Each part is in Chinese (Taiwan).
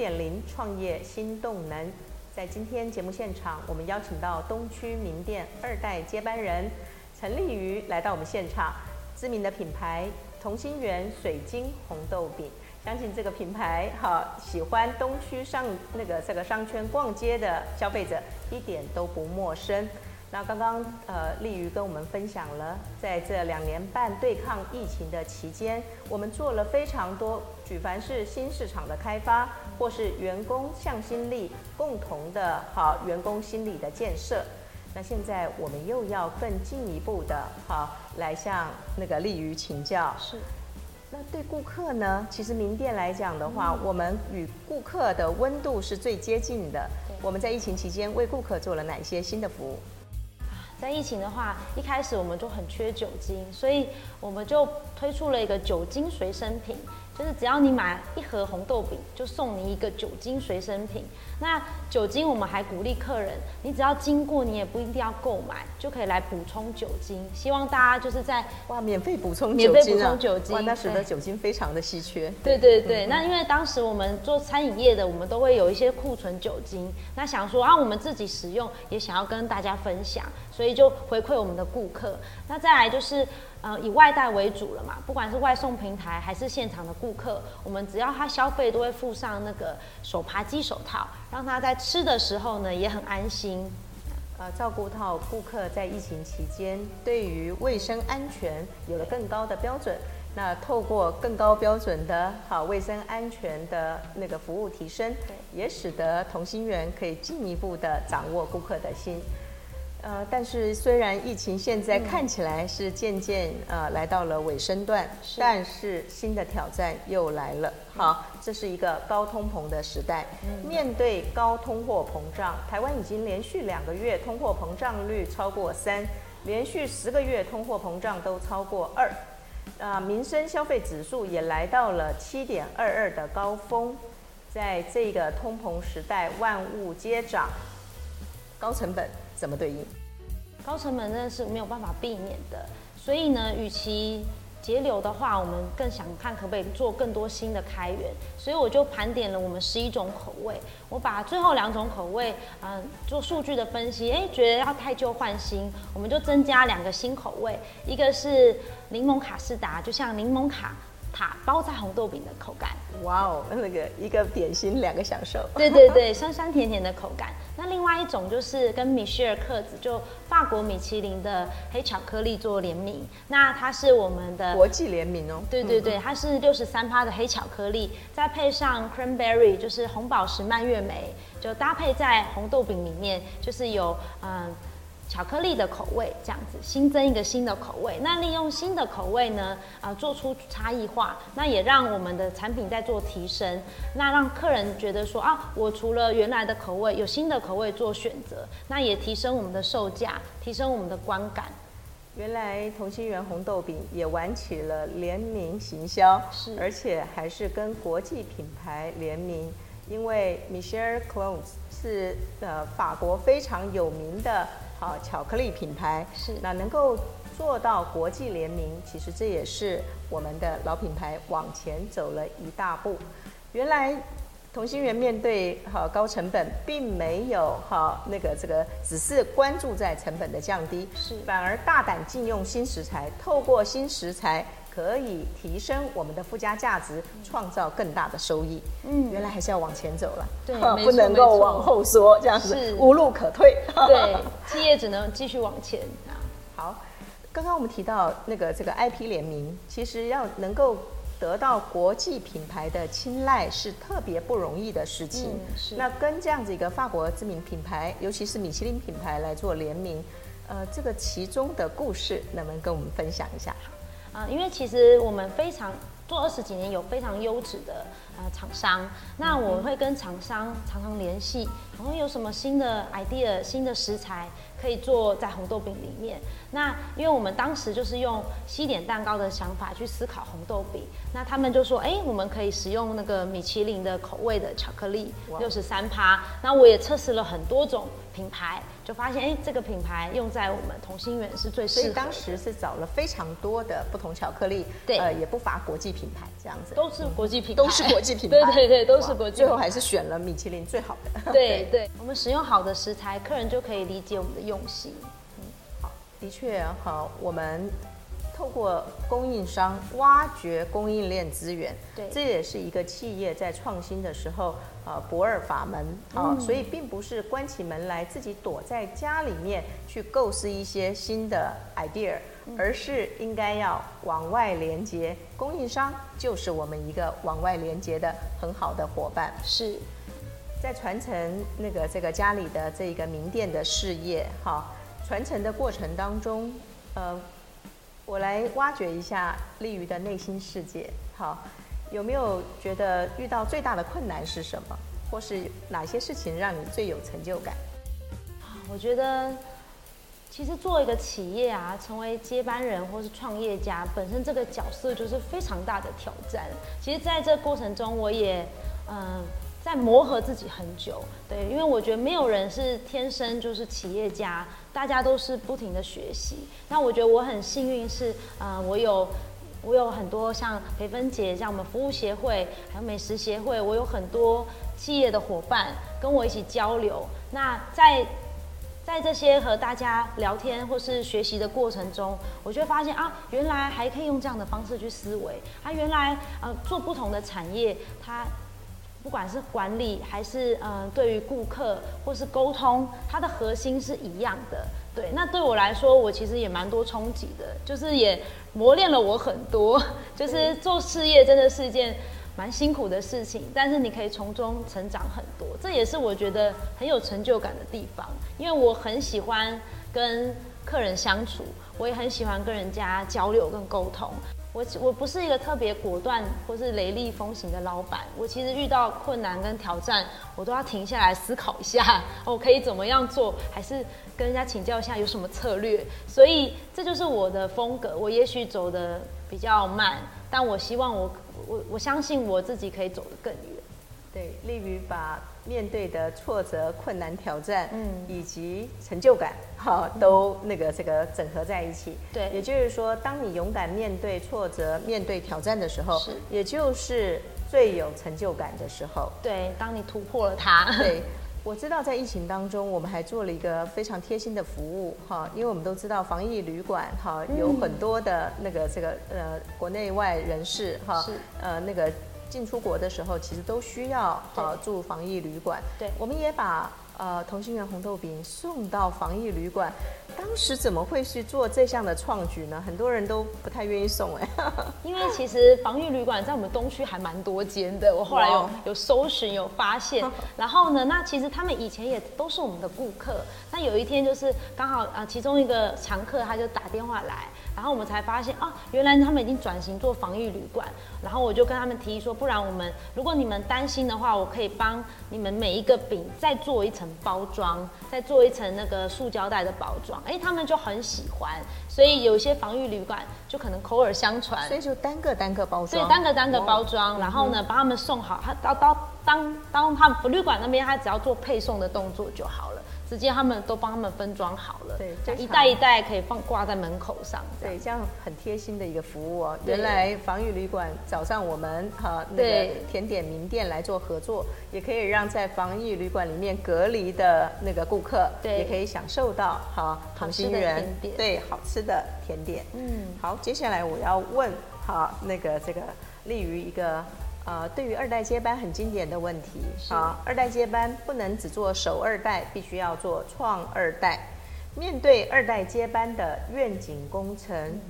點零創業新動能，在今天節目現場，我們邀請到東區名店二代接班人陳力瑜來到我們現場。知名的品牌同心圓水晶紅豆餅，相信這個品牌哈、啊，喜歡東區上那個這個商圈逛街的消費者一點都不陌生。那剛剛呃，力瑜跟我們分享了，在這兩年半對抗疫情的期間，我們做了非常多，舉凡是新市場的開發，或是員工向心力、共同的好員工心理的建設。那現在我們又要更進一步的，好來向那個力瑜請教。是。那對顧客呢？其實名店來講的話，嗯，我們與顧客的溫度是最接近的。我們在疫情期間為顧客做了哪些新的服務？在疫情的話，一開始我們就很缺酒精，所以我們就推出了一個酒精隨身品，就是只要你買一盒紅豆餅，就送你一個酒精隨身品。那酒精，我們還鼓勵客人，你只要經過，你也不一定要購買，就可以來補充酒精。希望大家就是在哇，免費補充酒精，啊、免費補充酒精，那使得酒精非常的稀缺。對對對，對嗯嗯，那因為當時我們做餐飲業的，我們都會有一些庫存酒精。那想說啊，我們自己使用，也想要跟大家分享，所以就回饋我們的顧客。那再來就是，呃，以外帶為主了嘛，不管是外送平台還是現場的顧客，我們只要他消費，都會附上那個手扒雞手套。讓他在吃的時候呢，也很安心，呃，照顧到顧客在疫情期間對於衛生安全有了更高的標準。那透過更高標準的好衛生安全的那個服務提升，也使得同心圓可以進一步的掌握顧客的心。呃，但是雖然疫情現在看起來是漸漸呃來到了尾聲段，嗯，但是新的挑戰又來了，嗯。好，這是一個高通膨的時代，嗯。面對高通貨膨脹，台灣已經連續兩個月通貨膨脹率超過三，連續十個月通貨膨脹都超過二。啊，呃，民生消費指數也來到了七點二二的高峰。在這個通膨時代，萬物皆漲。高成本怎麼對應？高成本那是沒有辦法避免的，所以呢，與其節流的話，我們更想看可不可以做更多新的開源。所以我就盤點了我們十一種口味，我把最後兩種口味，嗯、呃，做數據的分析，哎、欸，覺得要汰舊換新，我們就增加兩個新口味，一個是檸檬卡士達，就像檸檬卡塔包在紅豆餅的口感。哇哦，那個一個點心，兩個享受。對對對，酸酸甜甜的口感。那另外一種就是跟米歇爾克子，就法國米其林的黑巧克力做聯名，那它是我們的國際聯名哦，對對對，它是六十三趴的黑巧克力。嗯嗯，再配上 cranberry 就是紅寶石蔓越莓，就搭配在紅豆餅裡面，就是有嗯。巧克力的口味這樣子，新增一個新的口味。那利用新的口味呢，啊、呃，做出差異化，那也讓我們的產品在做提升。那讓客人覺得說啊、哦，我除了原來的口味，有新的口味做選擇。那也提升我們的售價，提升我們的觀感。原來同心圓紅豆餅也玩起了聯名行銷，是，而且還是跟國際品牌聯名，因為 Michelle Clones 是呃，法國非常有名的。好，巧克力品牌是，那能夠做到國際聯名，其實這也是我們的老品牌往前走了一大步。原來同心圓面對好高成本，並沒有哈那個這個，只是關注在成本的降低，是反而大膽進用新食材，透過新食材。可以提升我們的附加價值，創造更大的收益。嗯，原來還是要往前走了，對，不能夠往後說，這樣子是，是無路可退。對， 企業只能繼續往前啊。好，剛剛我們提到那個這個 IP 聯名，其實要能夠得到國際品牌的青睞是特別不容易的事情。嗯，是，那跟這樣子一個法國知名品牌，尤其是米其林品牌來做聯名，呃，這個其中的故事能不能跟我們分享一下？啊、呃，因為其實我們非常做二十幾年，有非常優質的呃廠商，那我們會跟廠商常常聯繫，然後有什麼新的 idea、新的食材。可以做在紅豆餅裡面。那因為我們當時就是用西點蛋糕的想法去思考紅豆餅。那他們就說，哎，我們可以使用那個米其林的口味的巧克力63，六十三趴。那、wow. 我也測試了很多種品牌，就發現哎，這個品牌用在我們同心圓是最適合的。所以當時是找了非常多的不同巧克力，對，呃、也不乏國際品牌這樣子。都是國際品牌，牌、嗯。都是國際品牌， 對對對，都是國際品牌。最後還是選了米其林最好的。對對， 對，對，我們使用好的食材，客人就可以理解我們的用心。用心，嗯，好，的確，哈，我們透過供應商挖掘供應鏈資源，對，這也是一個企業在創新的時候，呃，不二法門啊，哦，嗯。所以，並不是關起門來自己躲在家裡面去構思一些新的 idea，嗯，而是應該要往外連接供應商，就是我們一個往外連接的很好的夥伴，是。在傳承那個這個家裡的這個名店的事業，哈，傳承的過程當中，呃，我來挖掘一下力瑜的內心世界，好，有沒有覺得遇到最大的困難是什麼？或是哪些事情讓你最有成就感？啊，我覺得，其實做一個企業啊，成為接班人或是創業家，本身這個角色就是非常大的挑戰。其實，在這過程中，我也，嗯、呃。在磨合自己很久，對，因為我覺得沒有人是天生就是企業家，大家都是不停的學習。那我覺得我很幸運是，呃，我有我有很多像培芬姐，像我們服務協會，還有美食協會，我有很多企業的夥伴跟我一起交流。那在在這些和大家聊天或是學習的過程中，我就發現啊，原來還可以用這樣的方式去思維，啊，原來啊，呃，做不同的產業，它。不管是管理，還是嗯、呃，對於顧客或是溝通，它的核心是一樣的。對，那對我來說，我其實也蠻多衝擊的，就是也磨練了我很多。就是做事業，真的是一件蠻辛苦的事情，但是你可以從中成長很多。這也是我覺得很有成就感的地方，因為我很喜歡跟客人相處，我也很喜歡跟人家交流跟溝通。我我不是一個特別果斷或是雷厲風行的老闆，我其實遇到困難跟挑戰，我都要停下來思考一下，我可以怎麼樣做，還是跟人家請教一下有什麼策略。所以這就是我的風格，我也許走得比較慢，但我希望我我我相信我自己可以走得更遠。對，利於把面對的挫折、困難、挑戰，嗯，以及成就感，哈、啊，都那個這個整合在一起、嗯。對，也就是說，當你勇敢面對挫折、面對挑戰的時候，也就是最有成就感的時候。對，當你突破了它。對，我知道在疫情當中，我們還做了一個非常貼心的服務，哈、啊，因為我們都知道防疫旅館，哈、啊，有很多的那個這個呃國內外人士，哈、啊，呃那個。進出國的時候，其實都需要呃住防疫旅館。對，對我們也把呃同心圓紅豆餅送到防疫旅館。當時怎麼會去做這項的創舉呢？很多人都不太願意送哎、欸。 因為其實防疫旅館在我們東區還蠻多間的，我、哦、後來有有搜尋有發現。然後呢，那其實他們以前也都是我們的顧客。那有一天就是剛好啊、呃，其中一個常客他就打電話來。然後我們才發現哦、啊，原來他們已經轉型做防疫旅館。然後我就跟他們提議說，不然我們如果你們擔心的話，我可以幫你們每一個餅再做一層包裝，再做一層那個塑膠袋的包裝。哎，他們就很喜歡。所以有些防疫旅館就可能口耳相傳，所以就單個單個包裝，對，單個單個包裝，嗯、然後呢幫他們送好，他到到當當他們旅館那邊，他只要做配送的動作就好。直接他們都幫他們分裝好了，對，一袋一袋可以放掛在門口上，對，這樣很貼心的一個服務哦。原來防疫旅館找上我們哈、啊、那個甜點名店來做合作，也可以讓在防疫旅館裡面隔離的那個顧客，對，也可以享受到哈、啊、同心圓，對，好吃的甜點。嗯，好，接下來我要問哈、啊、那個這個利於一個。呃，對於二代接班很經典的問題，二代接班不能只做守二代，必須要做創二代。面對二代接班的願景工程，嗯、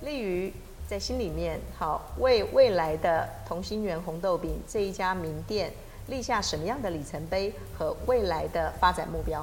例如在心裡面，好，為未來的同心圓紅豆餅這一家名店立下什麼樣的里程碑和未來的發展目標？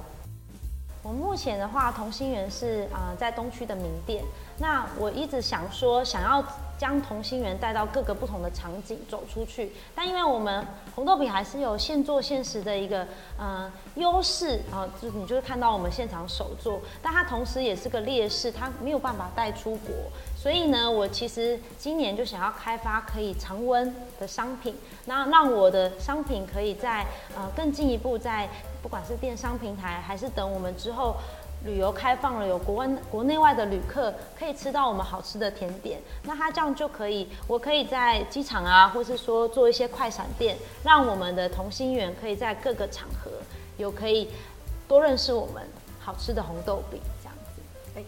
我們目前的話，同心圓是啊、呃，在東區的名店。那我一直想說，想要。將同心圓帶到各個不同的場景，走出去，但因為我們紅豆餅還是有現做現食的一個呃優勢啊、呃，就你就會看到我們現場手做，但它同時也是個劣勢，它沒有辦法帶出國。所以呢，我其實今年就想要開發可以常溫的商品，那讓我的商品可以在呃更進一步在，在不管是電商平台還是等我們之後。旅遊開放了，有國外國內外的旅客可以吃到我們好吃的甜點，那他這樣就可以，我可以在機場啊，或是說做一些快閃店，讓我們的同心圓可以在各個場合有可以多認識我們好吃的紅豆餅這樣子，欸。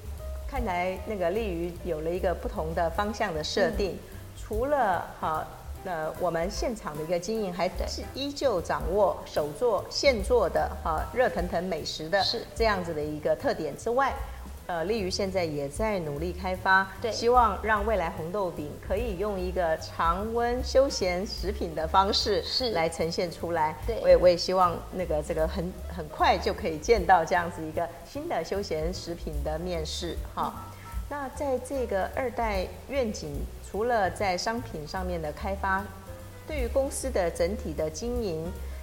看來那個力瑜有了一個不同的方向的設定、嗯，除了好。那我們現場的一個經營還是依舊掌握手做現做的哈、啊、熱騰騰美食的這樣子的一個特點之外，呃，力瑜現在也在努力開發，對，希望讓未來紅豆餅可以用一個常溫休閒食品的方式是來呈現出來。對，我也我也希望那個這個很很快就可以見到這樣子一個新的休閒食品的面世。哈。那在這個二代願景，除了在商品上面的開發，對於公司的整體的經營，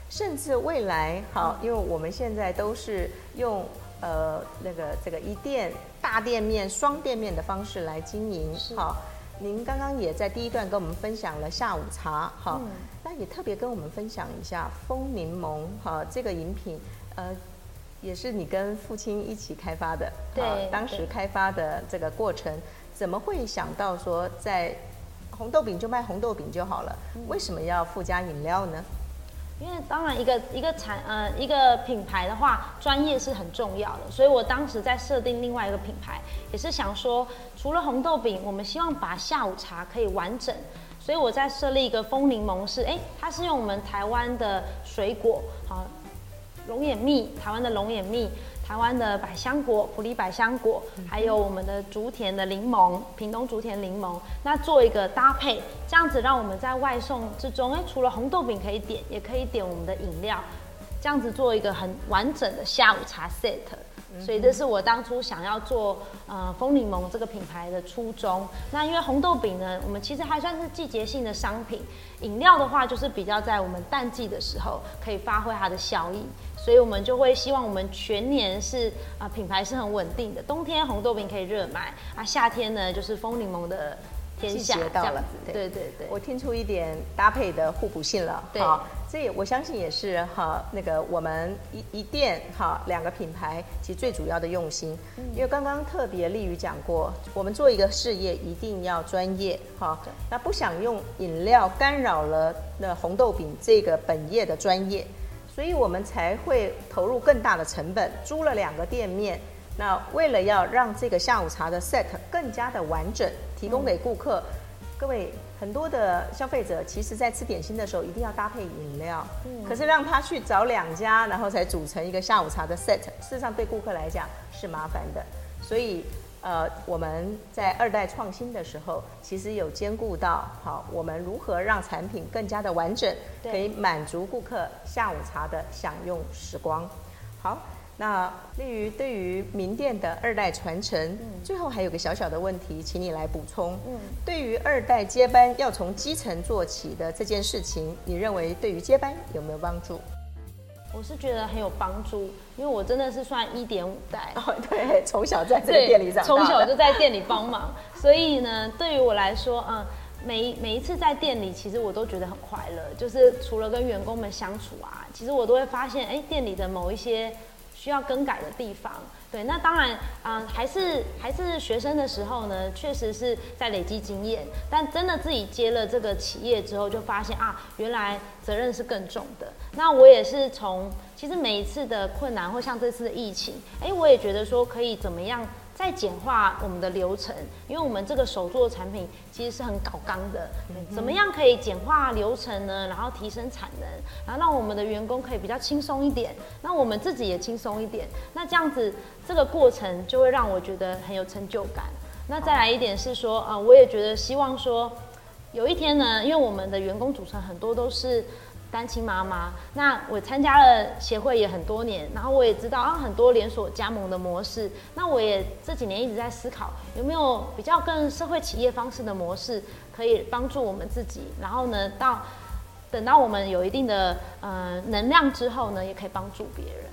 甚至未來，好，嗯、因為我們現在都是用呃那個這個一店大店面、雙店面的方式來經營，好，您剛剛也在第一段跟我們分享了下午茶，好，嗯、那也特別跟我們分享一下蜂檸檬，好、呃，這個飲品，呃。也是你跟父親一起開發的對，對。當時開發的這個過程，怎麼會想到說在紅豆餅就賣紅豆餅就好了？嗯。為什麼要附加飲料呢？因為當然一個一個產呃一個品牌的話，專業是很重要的，所以我當時在設定另外一個品牌，也是想說除了紅豆餅，我們希望把下午茶可以完整，所以我在設立一個風檸檬是，哎，它是用我們台灣的水果，好。龍眼蜜，台灣的龍眼蜜，台灣的百香果，埔里百香果，還有我們的竹田的檸檬，屏東竹田檸檬，那做一個搭配，這樣子讓我們在外送之中，欸，除了紅豆餅可以點，也可以點我們的飲料，這樣子做一個很完整的下午茶 set。所以這是我當初想要做呃風檸檬這個品牌的初衷。那因為紅豆餅呢，我們其實還算是季節性的商品，飲料的話，就是比較在我們淡季的時候可以發揮它的效益。所以我們就會希望我們全年是啊，品牌是很穩定的。冬天紅豆餅可以熱賣啊，夏天呢就是風檸檬的天下。季節到了。對對對，對，我聽出一點搭配的互補性了。對。所以我相信也是哈，那個我們一一店哈兩個品牌其實最主要的用心，嗯、因為剛剛特別力瑜講過，我們做一個事業一定要專業哈。那不想用飲料干擾了那紅豆餅這個本業的專業。所以我們才會投入更大的成本，租了兩個店面。那為了要讓這個下午茶的 set 更加的完整，提供給顧客，嗯、各位很多的消費者，其實在吃點心的時候一定要搭配飲料，嗯。可是讓他去找兩家，然後才組成一個下午茶的 set，事實上對顧客來講是麻煩的。所以，呃，我們在二代創新的時候，其實有兼顧到。好，我們如何讓產品更加的完整，可以滿足顧客下午茶的享用時光。好，那對於對於名店的二代傳承、嗯，最後還有個小小的問題，請你來補充、嗯。對於二代接班要從基層做起的這件事情，你認為對於接班有沒有幫助？我是覺得很有幫助，因為我真的是算一點五代哦，對，從小在這個店裡長大，從小就在店裡幫忙， 所以呢，對於我來說，嗯，每每一次在店裡，其實我都覺得很快樂，就是除了跟員工們相處啊，其實我都會發現，哎、欸，店裡的某一些需要更改的地方。對，那當然，嗯、呃，還是還是學生的時候呢，確實是在累積經驗。但真的自己接了這個企業之後，就發現啊，原來責任是更重的。那我也是從，其實每一次的困難，或像這次的疫情，哎，我也覺得說可以怎麼樣。在簡化我們的流程，因為我們這個手做產品其實是很搞剛的。嗯，怎麼樣可以簡化流程呢？然後提升產能，然後讓我們的員工可以比較輕鬆一點，那我們自己也輕鬆一點，那這樣子這個過程就會讓我覺得很有成就感。那再來一點是說，啊、呃，我也覺得希望說，有一天呢，因為我們的員工組成很多都是。單親媽媽，那我參加了協會也很多年，然後我也知道啊很多連鎖加盟的模式，那我也這幾年一直在思考有沒有比較更社會企業方式的模式可以幫助我們自己，然後呢，到等到我們有一定的呃能量之後呢，也可以幫助別人。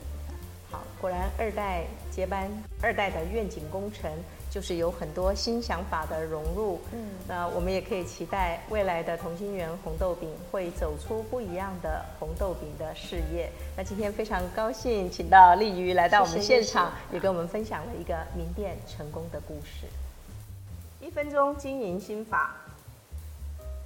好，果然二代接班，二代的願景工程。就是有很多新想法的融入，嗯，那我們也可以期待未來的同心圓紅豆餅會走出不一樣的紅豆餅的事業。那今天非常高興，請到力瑜來到我們現場，也跟我們分享了一個名店成功的故事。嗯、一分鐘經營心法，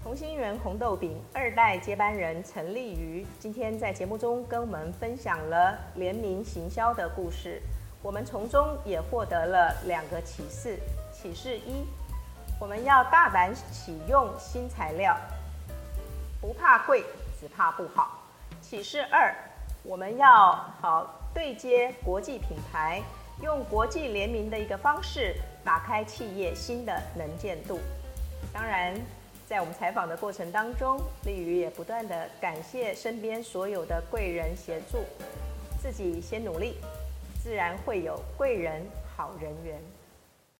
同心圓紅豆餅二代接班人陳力瑜。今天在節目中跟我們分享了聯名行銷的故事。我們從中也獲得了兩個啟示：啟示一，我們要大膽啟用新材料，不怕貴，只怕不好；啟示二，我們要好對接國際品牌，用國際聯名的一個方式，打開企業新的能見度。當然，在我們採訪的過程當中，力瑜也不斷的感謝身邊所有的貴人協助，自己先努力，自然會有貴人、好人緣。